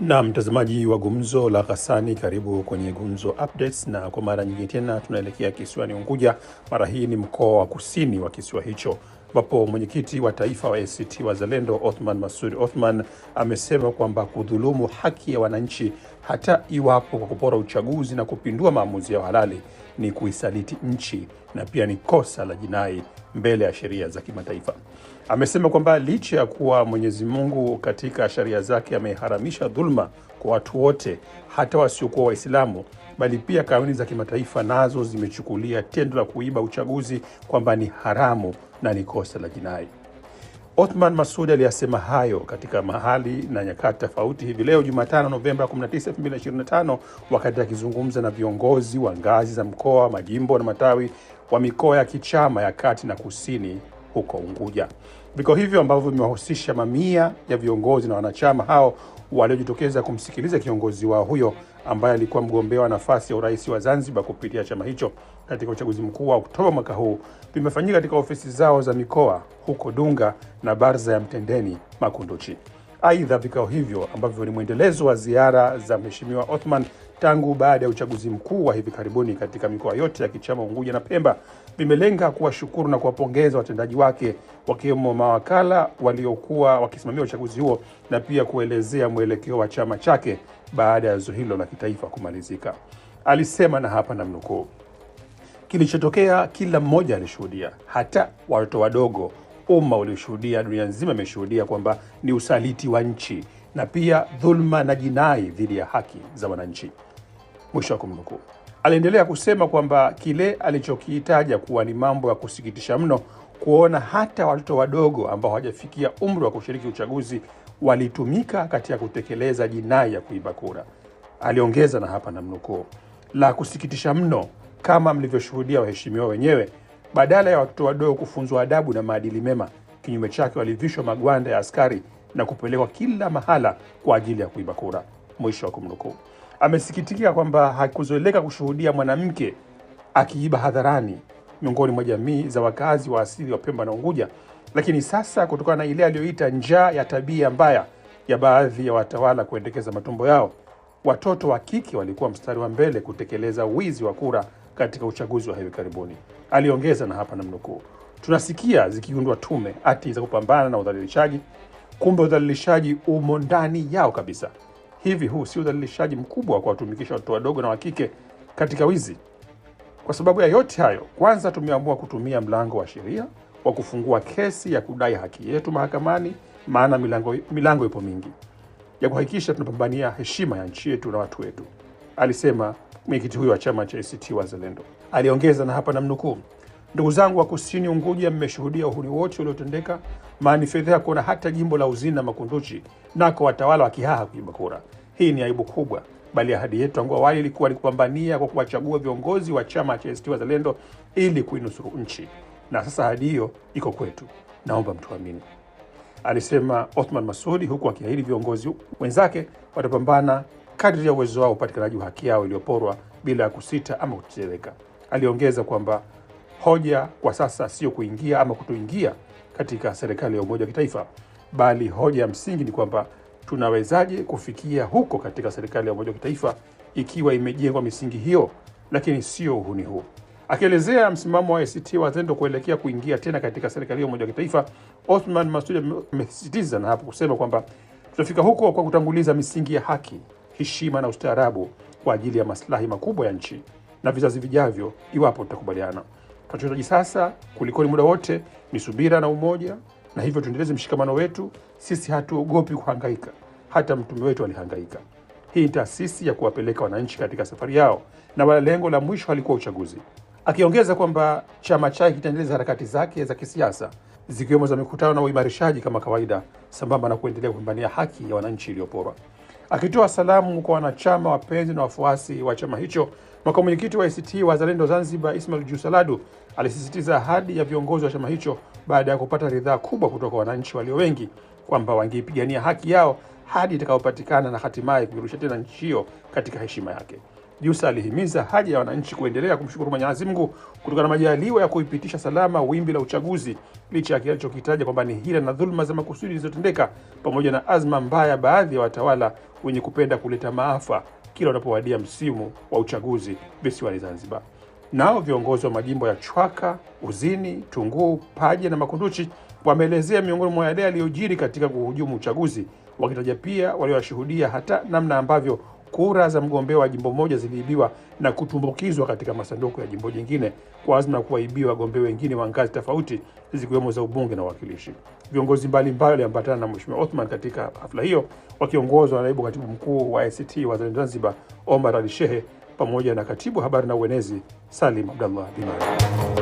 Na mtazamaji wa Gumzo la ghasani karibu kwenye Gumzo Updates, na kwa mara nyingine tena tunaelekea kisiwani Unguja. Mara hii ni mkoa wa kusini wa kisiwa hicho ambapo mwenyekiti wa taifa wa ACT Wazalendo Othman Masud Othman amesema kwamba kudhulumu haki ya wananchi, hata iwapo kwa kupora uchaguzi na kupindua maamuzi yao halali, ni kuisaliti nchi na pia ni kosa la jinai mbele ya sheria za kimataifa. Amesema kwamba licha ya kuwa Mwenyezi Mungu katika sheria zake ameharamisha dhulma kwa watu wote, hata wasiokuwa Waislamu, bali pia kanuni za kimataifa nazo zimechukulia tendo la kuiba uchaguzi kwamba ni haramu na ni kosa la jinai. Othman Masoud aliyasema hayo katika mahali na nyakati tofauti hivi leo Jumatano Novemba 19, 2025 wakati akizungumza na viongozi wa ngazi za mkoa, majimbo na matawi wa mikoa ya kichama ya kati na kusini huko Unguja. Vikao hivyo ambavyo vimewahusisha mamia ya viongozi na wanachama hao waliojitokeza kumsikiliza kiongozi wao huyo ambaye alikuwa mgombea wa nafasi ya urais wa Zanzibar kupitia chama hicho katika uchaguzi mkuu wa Oktoba mwaka huu vimefanyika katika ofisi zao za mikoa huko Dunga na Barza ya Mtendeni Makunduchi. Aidha, vikao hivyo ambavyo ni mwendelezo wa ziara za Mheshimiwa Othman tangu baada ya uchaguzi mkuu wa hivi karibuni katika mikoa yote ya Kichama, Unguja na Pemba vimelenga kuwashukuru na kuwapongeza watendaji wake wakiwemo mawakala waliokuwa wakisimamia uchaguzi huo na pia kuelezea mwelekeo wa chama chake baada ya zoezi hilo la kitaifa kumalizika. Alisema na hapa namnukuu: Kilichotokea kila mmoja alishuhudia, hata watoto wadogo. Umma ulioshuhudia, dunia nzima imeshuhudia kwamba ni usaliti wa nchi na pia dhulma na jinai dhidi ya haki za wananchi. Mwisho wa kumnukuu. Aliendelea kusema kwamba kile alichokiitaja kuwa ni mambo ya kusikitisha mno kuona hata watoto wadogo ambao hawajafikia umri wa kushiriki uchaguzi walitumika katika kutekeleza jinai ya kuiba kura. Aliongeza na hapa namnukuu, la kusikitisha mno kama mlivyoshuhudia waheshimiwa wenyewe. Badala ya watoto wadogo kufunzwa adabu na maadili mema, kinyume chake walivishwa magwanda ya askari na kupelekwa kila mahala kwa ajili ya kuiba kura. Mwisho wa kumnukuu. Amesikitika kwamba hakuzoeleka kushuhudia mwanamke akiiba hadharani miongoni mwa jamii za wakazi wa asili wa Pemba na Unguja, lakini sasa kutokana na ile aliyoita njaa ya tabia mbaya ya baadhi ya watawala kuendekeza matumbo yao, watoto wa kike walikuwa mstari wa mbele kutekeleza wizi wa kura katika uchaguzi wa hivi karibuni. Aliongeza na hapa namnukuu, tunasikia zikiundwa tume ati za kupambana na udhalilishaji, kumbe udhalilishaji umo ndani yao kabisa. Hivi huu si udhalilishaji mkubwa kwa kuwatumikisha watoto wadogo na wa kike katika wizi? Kwa sababu ya yote hayo, kwanza tumeamua kutumia mlango wa sheria wa kufungua kesi ya kudai haki yetu mahakamani, maana milango, milango ipo mingi ya kuhakikisha tunapambania heshima ya nchi yetu na watu wetu, alisema mwenyekiti huyo wa chama cha ACT Wazalendo. Aliongeza na hapa namnukuu: Ndugu zangu wa kusini Unguja, mmeshuhudia uhuni wote uliotendeka. Maanifedha kuona hata jimbo la Uzini na Makunduchi nako watawala wa Kihaha kuiba kura. Hii ni aibu kubwa, bali ahadi yetu tangu awali ilikuwa ni kupambania kwa kuwachagua viongozi wa chama cha ACT Wazalendo ili kuinusuru nchi, na sasa ahadi hiyo iko kwetu. Naomba mtuamini, alisema Othman Masudi, huku akiahidi viongozi wenzake watapambana kadri ya uwezo wao upatikanaji wa haki yao iliyoporwa bila ya kusita ama kutetereka. Aliongeza kwamba hoja kwa sasa sio kuingia ama kutoingia katika serikali ya umoja wa kitaifa, bali hoja ya msingi ni kwamba tunawezaje kufikia huko katika serikali ya umoja wa kitaifa ikiwa imejengwa misingi hiyo, lakini sio uhuni huu. Akielezea msimamo wa ACT Wazalendo kuelekea kuingia tena katika serikali ya umoja wa kitaifa, Othman Masoud amesisitiza na hapo kusema kwamba tutafika huko kwa kutanguliza misingi ya haki, heshima na ustaarabu kwa ajili ya maslahi makubwa ya nchi na vizazi vijavyo, iwapo tutakubaliana. Tunachohitaji sasa kulikoni muda wote ni subira na umoja, na hivyo tuendeleze mshikamano wetu. Sisi hatuogopi kuhangaika, hata mtume wetu alihangaika. Hii ni taasisi ya kuwapeleka wananchi katika safari yao, na wala lengo la mwisho halikuwa uchaguzi. Akiongeza kwamba chama chake kitaendeleza harakati zake za kisiasa zikiwemo za mikutano na uimarishaji kama kawaida, sambamba na kuendelea kupambania haki ya wananchi iliyoporwa. Akitoa salamu kwa wanachama, wapenzi na wafuasi wa chama hicho, makamu mwenyekiti wa ACT Wazalendo Zanzibar Ismail Jusaladu alisisitiza ahadi ya viongozi wa chama hicho baada ya kupata ridhaa kubwa kutoka wananchi walio wengi kwamba wangeipigania haki yao hadi itakayopatikana na hatimaye kuirudisha tena nchi hiyo katika heshima yake. Jussa alihimiza haja ya wananchi kuendelea kumshukuru Mwenyezi Mungu kutokana na majaliwa ya kuipitisha salama wimbi la uchaguzi licha ya kile alichokitaja kwamba ni hila na dhuluma za makusudi zilizotendeka pamoja na azma mbaya baadhi ya watawala wenye kupenda kuleta maafa kila wanapowadia msimu wa uchaguzi visiwani Zanzibar. Nao viongozi wa majimbo ya Chwaka, Uzini, Tunguu, Paje na Makunduchi wameelezea miongoni mwa yale yaliyojiri katika kuhujumu uchaguzi, wakitaja pia waliowashuhudia hata namna ambavyo kura za mgombea wa jimbo moja ziliibiwa na kutumbukizwa katika masanduku ya jimbo jingine kwa azma ya kuwaibia wagombea wengine wa ngazi tofauti zikiwemo za ubunge na uwakilishi. Viongozi mbalimbali waliambatana na Mheshimiwa Othman katika hafla hiyo wakiongozwa na naibu katibu mkuu wa ACT Wazalendo Zanzibar Omar Ali Shehe pamoja na katibu habari na uenezi Salim Abdallah Dimari.